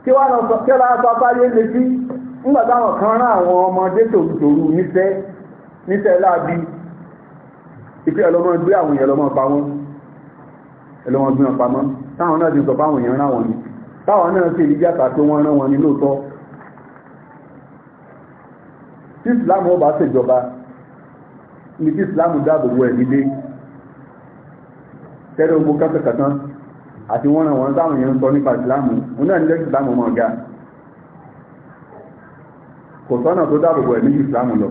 kí wá lọ kí ọlá sọ fáyé lè sí nígbà táwọn kan rán àwọn ọmọdé tòrútòrú níṣẹ́ níṣẹ́ láabi ìpé ọlọ́mọ gbé àwọn èèyàn lọ́mọ pa wọ́n ẹlọ́mọ gbé wọn pamọ́ táwọn náà ti sọ fáwọn èèyàn ráwọn nìí táwọn náà sì rí jàtà pé wọ́n rán wọn ní lóòótọ́ tí ìsìláàmù ọba ṣèjọba ní tí ìsìláàmù dáàbò bo ẹ̀mí dé tẹ́lẹ̀ ogun kẹ́tẹ̀kẹ́tán àti wọ́n ràn wọ́n táwọn èèyàn ń sọ nípa ìsìláàmù òun náà nílẹ̀ ìsìláàmù ọmọ ọ̀gá kò sọ́nà tó dáàbò bo ẹ̀mí ìsìláàmù lọ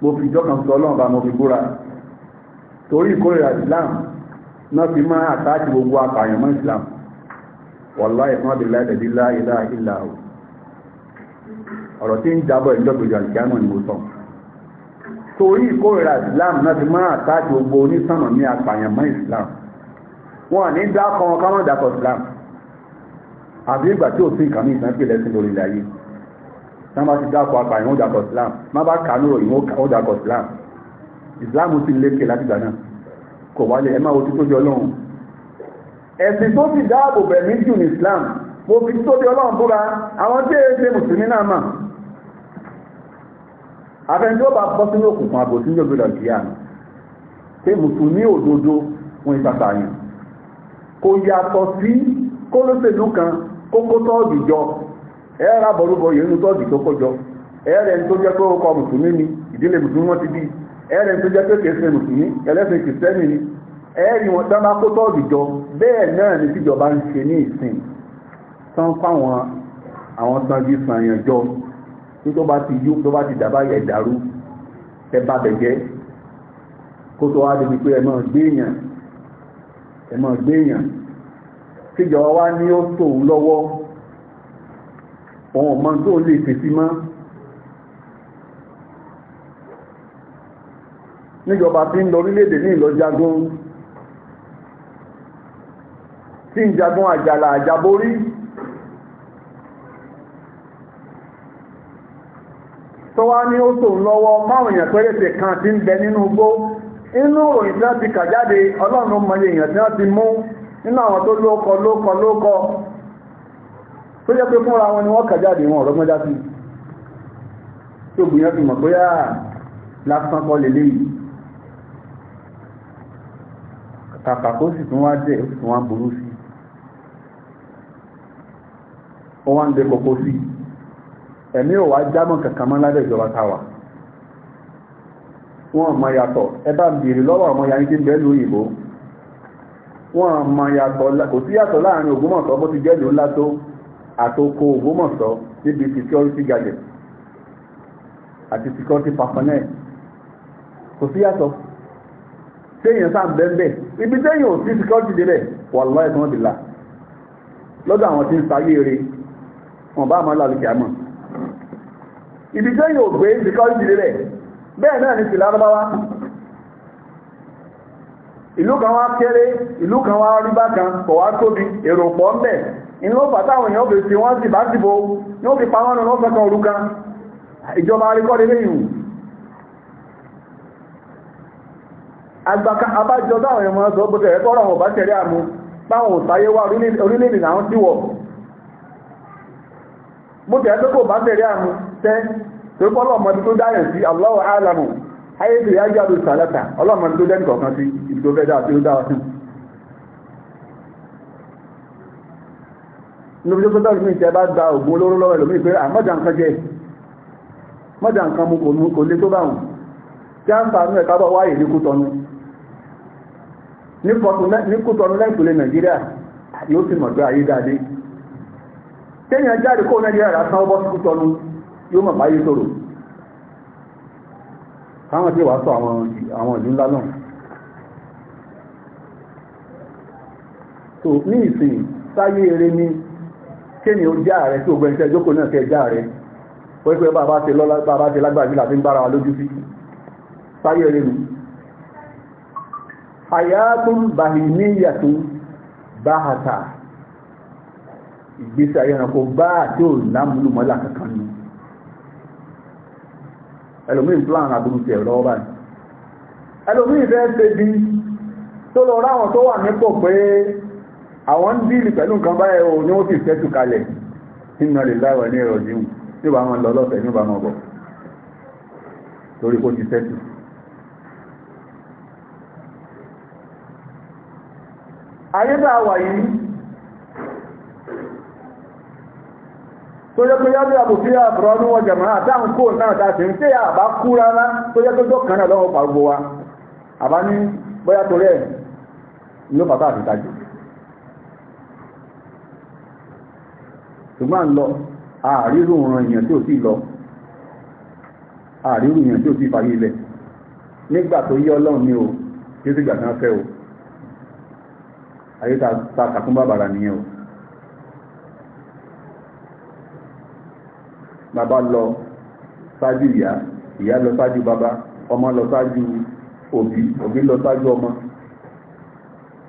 mo fi ìjọ kan sọ ọlọ́run bá mo fi búra torí ìkórìíra ìsìláàmù náà fi máa àtàkì gbogbo apààyàn mọ́ ìsìláàmù wàláì fún àbìlá ìdẹ̀bí láìlá ìlà ò ọ̀rọ̀ tí ń jábọ̀ ìjọba ìjọba ni mo sọ torí ìkórìíra islam náà ti máa àtàkì gbogbo onísànà ní apààyàn mọ́ islam wọn ní dákan káwọn dákọ̀ islam àbí ìgbà tí òfin kàmí ìsàn pè lẹ́sìn lórí ilẹ̀ ayé tí wọ́n bá ti dákọ̀ apààyàn ó dákọ̀ islam má bá kà ní òyìnbó ó dákọ̀ islam islam ti lékè látìgbà náà kò wálé ẹ máa wo títọ́jú ọlọ́run ẹ̀sìn tó ti dáàbò bẹ̀mí jù ní Islam mo fi tó bí ọlọ́run búra àwọn tí èé ṣe mùsùlùmí náà mà afẹ́ni ó bá bọ́ sínú òkùnkùn àbò sínú òbílọ̀ sí àná pé mùsùlùmí òdodo fún ìtàtà yìí kò yàtọ̀ sí kólóṣèlú kan kókó tọ́ọ̀dù jọ ẹ̀ẹ́rà bọ̀rúbọ̀ yìí nínú tọ́ọ̀dù tó kójọ ẹ̀ẹ́rẹ̀ tó jẹ́ pé ó kọ mùsùlùmí ni ìdílé mùsùlùmí wọ́n ti bí ẹ̀ẹ́rẹ̀ tó jẹ́ pé kèé ṣe mùsùlùmí ẹlẹ́sìn kìrìsìtẹ́nì ni ẹ̀ẹ́rì wọn tán bá kó tọ́ọ̀gì jọ bẹ́ẹ̀ náà ni tíjọba ń ṣe ní ìsìn tán fáwọn àwọn sanji sànyàn jọ tí tó bá ti yú tó bá ti dàbá ẹ̀dàrú ẹ bá bẹ̀jẹ́ kó tó wá débi pé ẹ máa gbé èèyàn ẹ máa gbé èèyàn tíjọba wá ní ó tòun lọ́wọ́ òun ọ̀mọ tó lè fèsì mọ́ níjọba tí ń lọ orílẹ̀-èdè ní ìlọjagun tí ń jagun àjàlà àjàborí tó ni o to tòun lọ́wọ́ máwọn èèyàn péréte kan ti ń bẹ nínú igbó inú òyìn tí wọ́n ti kà jáde ọlọ́run mọye èèyàn tí wọ́n ti mú nínú àwọn tó lóókọ lóókọ lóókọ tó jẹ́ pé fúnra wọn ni wọ́n kà jáde wọn ọ̀rọ̀gbọ́n já sí fi mọ̀ bóyá lásán kọ́ lè léyìí kàkà kó sì tún wá ó wá ń de kòkó sí ẹ̀mí ò wá jámọ̀ kankan mọ́ lábẹ́ ìjọba táwa wọ́n mọ yàtọ̀ ẹ bá bèèrè lọ́wọ́ àwọn yarí tí ń bẹ́ẹ̀ lóyìnbó wọ́n mọ yàtọ̀ kò sí yàtọ̀ láàrin Ògbómọ̀ṣọ́ bó ti jẹ́lú ńlá tó àtòkò Ògbómọ̀ṣọ́ níbi security gadget àti security personnel kò sí yàtọ̀ téèyàn sáà bẹ́ẹ̀ ibi téèyàn ò sí security débẹ̀ wà lọ́yẹ̀ tó wọ́n ti là lọ́dọ̀ àwọn tí ń sayé rèé wọn bá máa lálùkì àmọ́ ibi tó yóò gbé ìdíkọ́ ìdílé rẹ̀ bẹ́ẹ̀ náà ni sì lárúbáwá ìlú kan wá kéré ìlú kan wá rí bákan kò wá tóbi èrò pọ̀ ń bẹ̀ inú ó fàtàwọn èèyàn bèèrè wọ́n sì bá sì ní ó fi pa wọ́n kan ìjọba mo tẹ̀ pé kò bá bẹ̀rẹ̀ àrùn tẹ́ tó kọ́ ọlọ́mọdé tó dáyẹ̀ sí alamu ayé tó yájú àdó sàlẹ́ta ọlọ́mọdé tó dẹ́nu kọ̀ọ̀kan sí ibi fẹ́ dáa tí ó dáa sí. níbi tó tọ́jú mi tẹ́ bá gba ògùn olóró lọ́wọ́ pé àmọ́jà nǹkan jẹ mọ́jà nǹkan mu kò tó tí a ń fa ní ẹ̀ka bọ̀ wáyé ní kútọ́nu ní kútọ́nu lẹ́yìn kéèyàn jáde kó nàìjíríà rà san ọbọ̀ síkú tọ́nu yóò mọ̀ báyé tòrò káwọn tí wàá sọ àwọn ìlú ńlá náà so ní ìsìn sáyé eré ní kéèyàn ó já rẹ tí ògbẹ́ni tẹ́ jókòó náà kẹ́ já rẹ pẹ́pẹ́ bàbá ti lọ́lá bàbá ti lágbàá nígbà ìgbésí ayé ẹranko bá àti ò lámúlò mọ́lá kankan ni ẹlòmíì plan aburú tiẹ̀ lọ́wọ́ báyìí ẹlòmíì fẹ́ ṣe bí tó lọ ráwọn tó wà nípò pé àwọn ń dìlì pẹ̀lú nǹkan báyìí o ní wọ́n sì fẹ́tù kalẹ̀ nínú rẹ̀ láwọ̀ ní ẹ̀rọ jíun ní bá wọn lọ lọ́fẹ̀ẹ́ ní bá wọn bọ̀ torí kó ti fẹ́tù ayé bá wà yìí tó yẹ pé yábí àbòfíà àbúrọ́nú wọn jẹ̀mọ́ àtàwọn kó náà ta sí ń pé àbá kú rárá tó yẹ pé tó kàn náà lọ́wọ́ pàgbó wa àbá ní bóyá torí ẹ̀ ló bàbá àti tajú ṣùgbọ́n lọ àárírù ọ̀ràn èèyàn tí ò sí lọ àárírù èèyàn tí ò sí fàyè ilẹ̀ nígbà tó yí ọlọ́run ní o kí ó sì gbà tán fẹ́ o ayé ta kàkúnbà bàrà nìyẹn o bàbá lọ ṣáájú ìyá ìyá lọ ṣáájú bàbá ọmọ lọ ṣáájú òbí òbí lọ ṣáájú ọmọ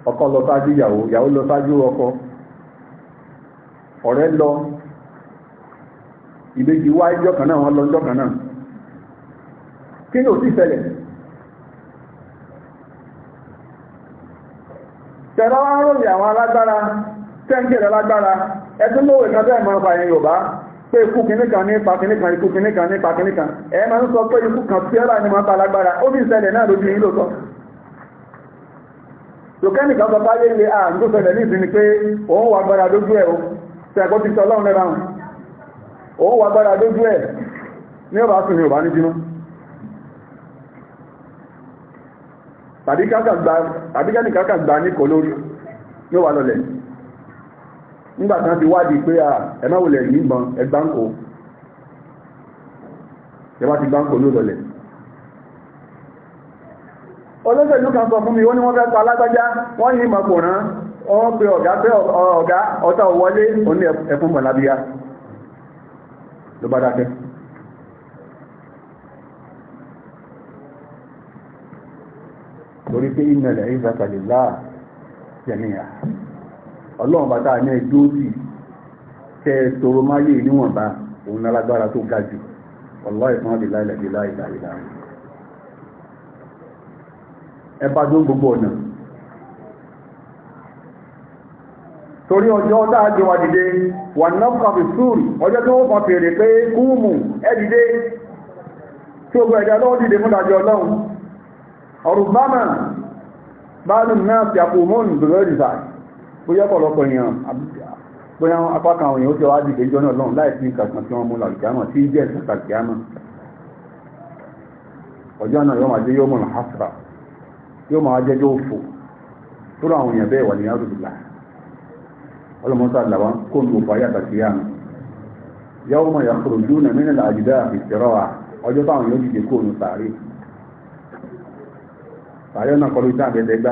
ọkọ lọ ṣáájú ìyàwó ìyàwó lọ ṣáájú ọkọ ọ̀rẹ́ lọ ìbejì wá ìjọ kan náà wọ́n lọ ìjọ kan náà kí ni ò sí ṣẹlẹ̀ tẹ̀lá wá ròyìn àwọn alágbára tẹ́ǹkì rẹ̀ lágbára ẹtún lówó ìkan tẹ́ ìmọ̀ ọ̀fà yẹn Yorùbá pé ikú kìíní kan ní ipa kìíní kan ikú kìíní kan ní ipa kìíní kan ẹ máa ń sọ pé ikú kan fíọ́lá ni máa ń palágbára ó ní ìṣẹ̀lẹ̀ náà lójú yín lóòótọ́ lòkẹ́nìkà sọ bá ilé àà tó ní pé òun wà gbára lójú ẹ̀ o ṣẹ̀kọ́ ti sọ ọlọ́run lẹ́ra òun wà ẹ̀ nígbà tán ti wádìí pé ẹ̀mẹ́wòlẹ̀ yìnbọn ẹgbáǹkò ẹwà ti gbáǹkò ló lọlẹ̀ olóṣèlú kan sọ fún mi ó ní wọ́n fẹ́ pa alágbájá wọ́n yìí mọ̀kùnrán wọ́n pe ọ̀gá pé ọ̀gá ọ̀tá wọlé òní ẹ̀fún mọ̀lábíyá ló bá dákẹ́ torí pé ìnàlẹ̀ ìzàkàlẹ̀ láà jẹ̀míyà ọlọ́run bàtà ní ẹjọ́ sì kẹ toro máyé níwọ̀nba òun lálágbára tó ga jù ọlọ́ ìfún àdì láìlẹ̀dì láìláìlá ẹ bá dún gbogbo ọ̀nà torí ọjọ́ dáadé wa dìde wà náà fi súùrù ọjọ́ tí wọ́n kan fèrè pé kúùmù ẹ bóyá ọ̀pọ̀lọpọ̀ èèyàn bóyá apákan àwọn èèyàn ó jọ wá dìde ìjọ náà lọ́run láì sí nǹkan kan tí wọ́n mú làlùkìámọ̀ tí jẹ́ ìsìn làlùkìámọ̀ ọjọ́ náà yóò máa jẹ́ yóò mọ̀ hasra yóò máa jẹ́ yóò fò tó ra àwọn èèyàn bẹ́ẹ̀ wà ní arúgbìlà ọlọ́mọta làwọn kó lu òfò ayàtà sí yá yàwó mọ̀ yàkùrù jù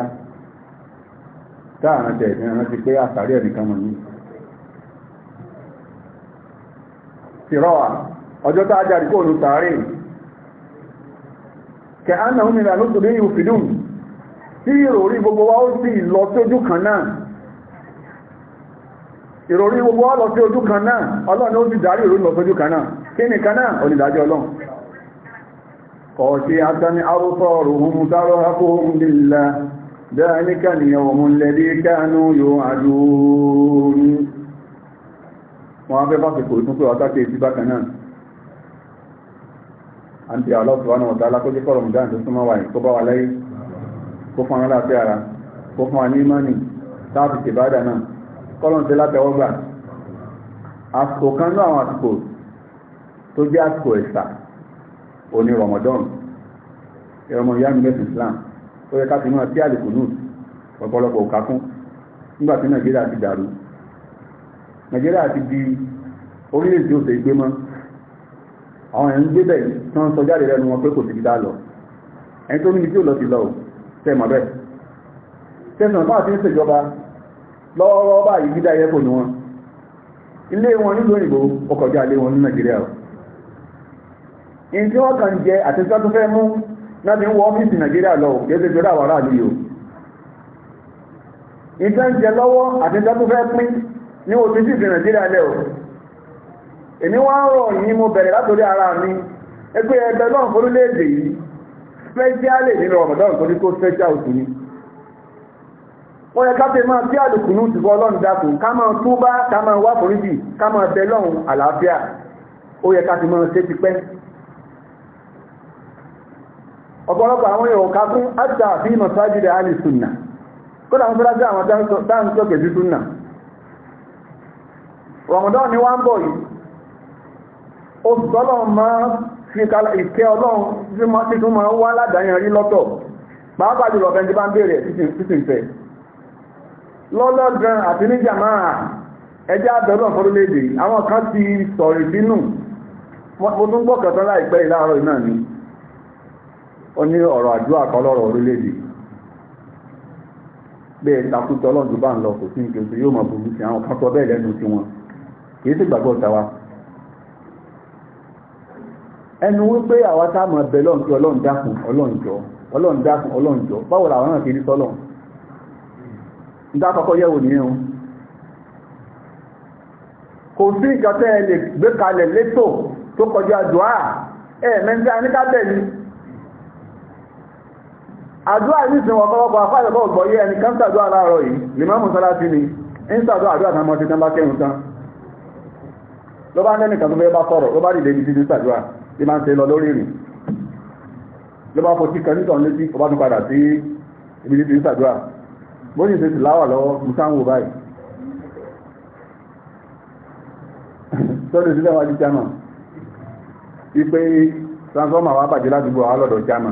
táàrán tẹ̀ ní ọ̀rán ti pé àtàrí ẹ̀nìkan mọ̀ ní tìrọ́wà ọjọ́ tá ajáde kó òun kẹ ánà òmìnira ló tó léyìn òfìdún tí ìròrí gbogbo wa ó sì lọ sí ojú kan náà ìròrí gbogbo wa lọ sí ojú kan náà ọlọ́run ó sì darí ìròrí lọ sí ojú kan náà kí nìkan náà onídàájọ́ ọlọ́run kọ̀ọ̀ṣe atani arúfọ́ ọ̀rùn mú sáró hákó ń lè ذلك اليوم الذي كانوا يوعدون wọ́n fẹ́ bá fẹ́ kò tún pé ọ̀tákẹ́ ìsí bákan náà àti àlọ́pù wọn ọ̀dá alákọ́jẹ́ kọ́rọ̀ mú dáàtọ́ súnmọ́ wà ní kó bá wà láyé kó fún ara láti ara kó fún wa ní mọ́nì láti tèbádà náà kọ́lọ̀ tẹ́ látẹ̀wọ́gbà àsìkò kan ní àwọn àsìkò tó jẹ́ àsìkò ẹ̀sà òní Ramadan ẹ̀rọmọ yá mi lẹ́sìn Islam ó yẹ ká fi máa sí àlùkò náà ọ̀pọ̀lọpọ̀ òkàkún nígbà tí nàìjíríà ti dàrú nàìjíríà ti di orílẹ̀-èdè òsè gbé mọ́ àwọn èèyàn ń gbé bẹ̀ tí wọ́n sọ jáde lẹ́nu wọn pé kò síbi dá lọ ẹni tó níbi tí ò lọ sí lọ tẹ́ mọ̀ bẹ́ẹ̀ tẹ́sán bá ti ń ṣèjọba lọ́wọ́lọ́wọ́ báyìí dídá ẹ̀kọ́ ni wọn ilé wọn nílò òyìnbó ọkọ̀já ilé wọn ní nàìjíríà ò ìyẹn tí wọ́n kàn jẹ àtẹ́sán tó fẹ́ mú náà ti ń wọ ọ́fíìsì nàìjíríà lọ gẹ́gẹ́ bí ráwà rà níyò ìtẹ́ ń jẹ lọ́wọ́ àti ìtẹ́ tó fẹ́ pín ní fi nàìjíríà lẹ́ o èmi wọ́n rọ̀ yìí mo bẹ̀rẹ̀ látòrí ara mi ẹgbẹ́ ẹgbẹ́ lọ́n fórílẹ̀-èdè yìí spẹ́ṣíálì nínú ọ̀mọ̀dọ́ nítorí kó spẹ́ṣíà òtù ni ó yẹ ká pé máa àlùkùnú ti bọ́ ọlọ́run dákùn ká máa túbá ká máa wá foríjì ká máa ọ̀pọ̀lọpọ̀ àwọn yóò fún àtà àfi masajid ahli sunna kó làwọn fẹ́lá jẹ́ àwọn dáńtọ́ kẹsí sunna rọ̀mọ̀dán ni wọ́n ń bọ̀ yìí oṣù tọ́lọ̀ máa fi kalẹ̀ ìkẹ́ ọlọ́run tí ma ti tún máa wá ládàáyàn rí lọ́tọ̀ oní ọ̀rọ̀ àdúrà kan lọ́rọ̀ orílẹ̀-èdè bẹ́ẹ̀ takútọ́ ọlọ́dún bá ń lọ kò sí ní kejì yóò máa burú sí àwọn kan sọ bẹ́ẹ̀ lẹ́nu tiwọn kì í sì gbàgbọ́ tàwa ẹnu wípé àwa tá mọ̀ bẹ̀ kò sí ìkàtẹ́ ẹ lè gbé kalẹ̀ létò tó kọjá dùá ní àdúrà ní ìsìn wọn kọ́kọ́ afáàlẹ̀ bọ́ gbọ́ ẹni káńtà àdúrà láàárọ̀ yìí lè má mú ni ń sàdúrà àdúrà tán mọ́ ti tán bá kẹrùn tán ló bá nẹ́nìkan tó fẹ́ bá sọ̀rọ̀ ló bá dìde ibi títí sàdúrà tí máa ń se lọ lórí rìn ló bá fọ́ sí kan nítorí létí ó bá tún padà sí ibi títí sàdúrà bó ní ìsèsì ipe transformer wa bàjẹ́ ládùúgbò àwọn ọlọ́dọ̀ jama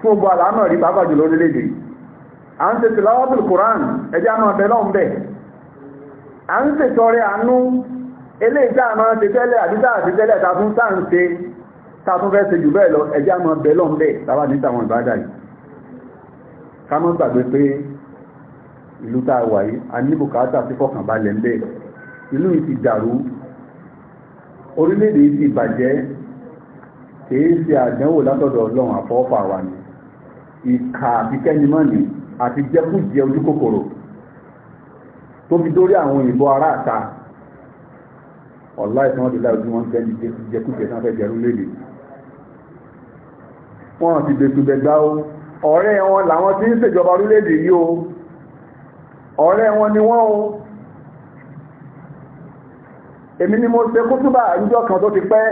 fún gbogbo àlámọ̀ rí pàápàá jùlọ orílẹ̀-èdè à ń tètè láwọ́tò koran ẹjẹ́ àmọ́ ọ̀bẹ̀ lọ́n bẹ̀ à ń tètọrẹ àánú eléyìí tá àmọ́ tètẹ́lẹ̀ àdídá àtẹ́tẹ́lẹ̀ tàtún tá ń ṣe tàtún fẹ́ ṣe jù bẹ́ẹ̀ lọ ẹjẹ́ àmọ́ ọ̀bẹ̀ lọ́n bẹ̀ tàbá ní tàwọn ìbádà yìí ká orílẹ̀-èdè ti bàjẹ́ kìí ṣe àdánwò látọ̀dọ̀ ọlọ́run àfọ́fà wa ni ìkà àti kẹ́nimọ́nì àti jẹkújẹ ojú kòkòrò tó fi dórí àwọn òyìnbó ará àta ọ̀la ìsanwó dìlá ojú wọn jẹ́ jẹkújẹ tí wọ́n fẹ́ jẹrú léde wọ́n ti gbẹ̀gbẹ̀gbà ó ọ̀rẹ́ wọn làwọn tí ń ṣèjọba orílẹ̀-èdè yìí o ọ̀rẹ́ wọn ni wọ́n o èmi ni mo ṣe kútúbà àrújọ kan tó ti pẹ́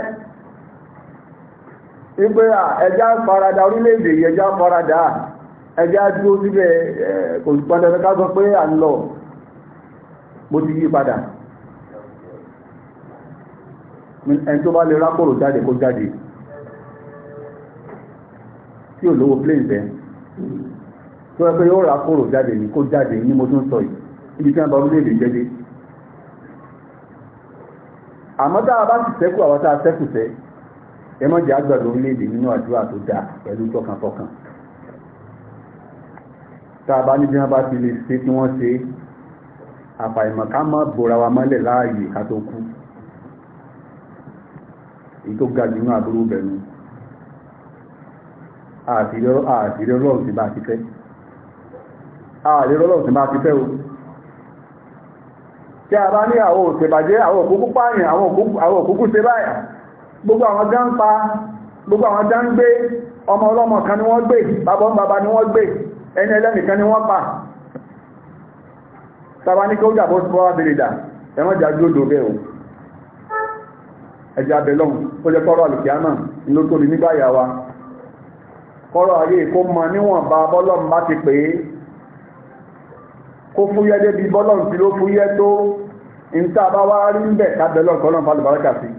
wípé ẹja farada orílẹ̀-èdè yìí ẹja farada ẹja dúró síbẹ̀ kò sí padà ká sọ pé à ń lọ bó ti yí padà ẹni tó bá lè rákòrò jáde kó jáde tí ò lówó plane bẹ́ẹ̀ tó yẹ pé yóò rákòrò jáde ní kó jáde ní mo tún sọ a ẹ má jẹ́ àgbàdo orílẹ̀-èdè nínú àdúrà tó dáa pẹ̀lú tọkàntọkàn tá a bá ní bí wọ́n bá ti lè ṣe tí wọ́n ṣe àfàìmọ̀ ká má bòra wa mọ́lẹ̀ láàyè ká tó kú èyí tó ga jù ní àbúrò bẹ̀rù àtìrí ọlọ́run ti bá ti fẹ́ àtìrí ọlọ́run ti bá ti fẹ́ o tí a bá ní àwọn òṣèbàjẹ́ àwọn òkúkú pààyàn àwọn òkúkú ṣe báyà gbogbo àwọn gánpa gbogbo àwọn dáńgbé ọmọ ọlọ́mọ kan ni wọ́n gbé bàbá bàbá ni wọ́n gbé ẹni ẹlẹ́nìkan ni wọ́n pa tàbá ní kí ó jàbọ́ sí fọ́wá bèrèdà ẹ̀wọ́n jà jódò bẹ́ẹ̀ o ẹ̀jẹ̀ abẹ́lọ́hùn ó jẹ́ kọ́rọ̀ àlùkìánà ló tóbi nígbàyà wa kọ́rọ̀ ayé kó mọ níwọ̀nba bọ́lọ́m bá ti pè é kó fúyẹ́ débi bọ́lọ́m tí ló fúyẹ́ tó ń tá a bá wá rí ń bẹ̀ kábẹ́lọ́n kọ́lọ́n fálùbárákà sí i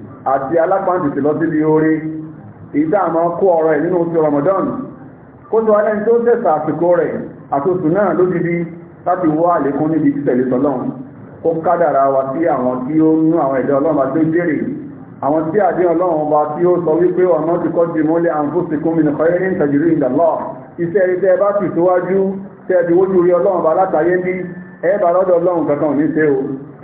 àti alápáǹtìtì lọ síbi orí ìdá àmọ́ kó ọ̀rọ̀ ẹ̀ nínú oṣù Ramadan kó tó ẹlẹ́ni tó tẹ̀sà àsìkò rẹ̀ àtòsù náà lójijì láti wọ́ àlékún níbi títẹ̀lé tọ́lọ́run kó kádàrà wa sí àwọn tí ó nú àwọn ẹ̀dá ọlọ́run àti ó jèrè àwọn tí àdé ọlọ́run ọba tí ó sọ wípé ọ̀nà ti kọ́ di mọ́lẹ̀ àǹfóṣìkún mi nìkan yẹn ní ìtàjìrí ìdàlọ́ iṣẹ́ rí tẹ́ bá sì síwájú tẹ́ ti wójú rí ọlọ́run ọba látàyé ní ẹ bá lọ́dọ̀ ọlọ́run kankan ò ní ṣe o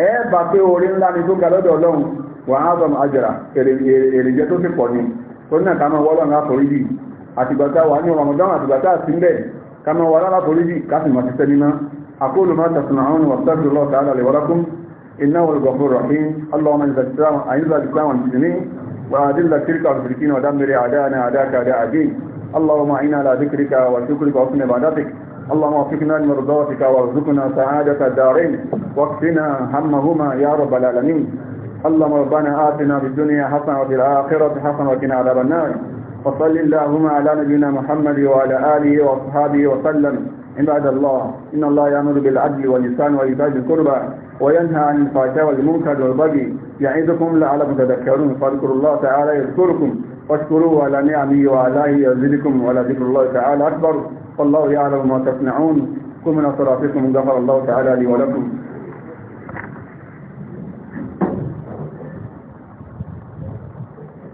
ẹ bá pé orí ńlá ni tó ga lọ́dọ̀ ọlọ́run wà á zọm àjẹrà èrèjẹ tó sì pọ̀ ni tó náà ká máa wọ́lọ́ ńlá foríjì àtìgbàtà wà ní Ramadan àtìgbàtà sílẹ̀ ká máa wà lára foríjì ká sì máa ti sẹ́ni ná أقول ما تصنعون واستغفر الله تعالى لي ولكم إنه الغفور الرحيم اللهم أنزل الإسلام أنزل الإسلام والمسلمين وأذل الشرك والمشركين ودمر أعداءنا أعداءك أعداء الدين اللهم أعنا على ذكرك وشكرك وحسن عبادتك اللهم وفقنا لمرضاتك وارزقنا سعادة الدارين واكفنا همهما يا رب العالمين اللهم ربنا آتنا في الدنيا حسنة وفي الآخرة حسنة وقنا عذاب النار وصل اللهم على نبينا محمد وعلى آله وأصحابه وسلم عباد الله إن الله يأمر بالعدل واللسان وإيتاء ذي القربى وينهى عن الفحشاء والمنكر والبغي يعظكم لعلكم تذكرون فاذكروا الله تعالى يذكركم واشكروه على نعمه وآلائه يزدكم ولذكر الله تعالى أكبر والله يعلم ما تصنعون كن من صلاتكم غفر الله تعالى لي ولكم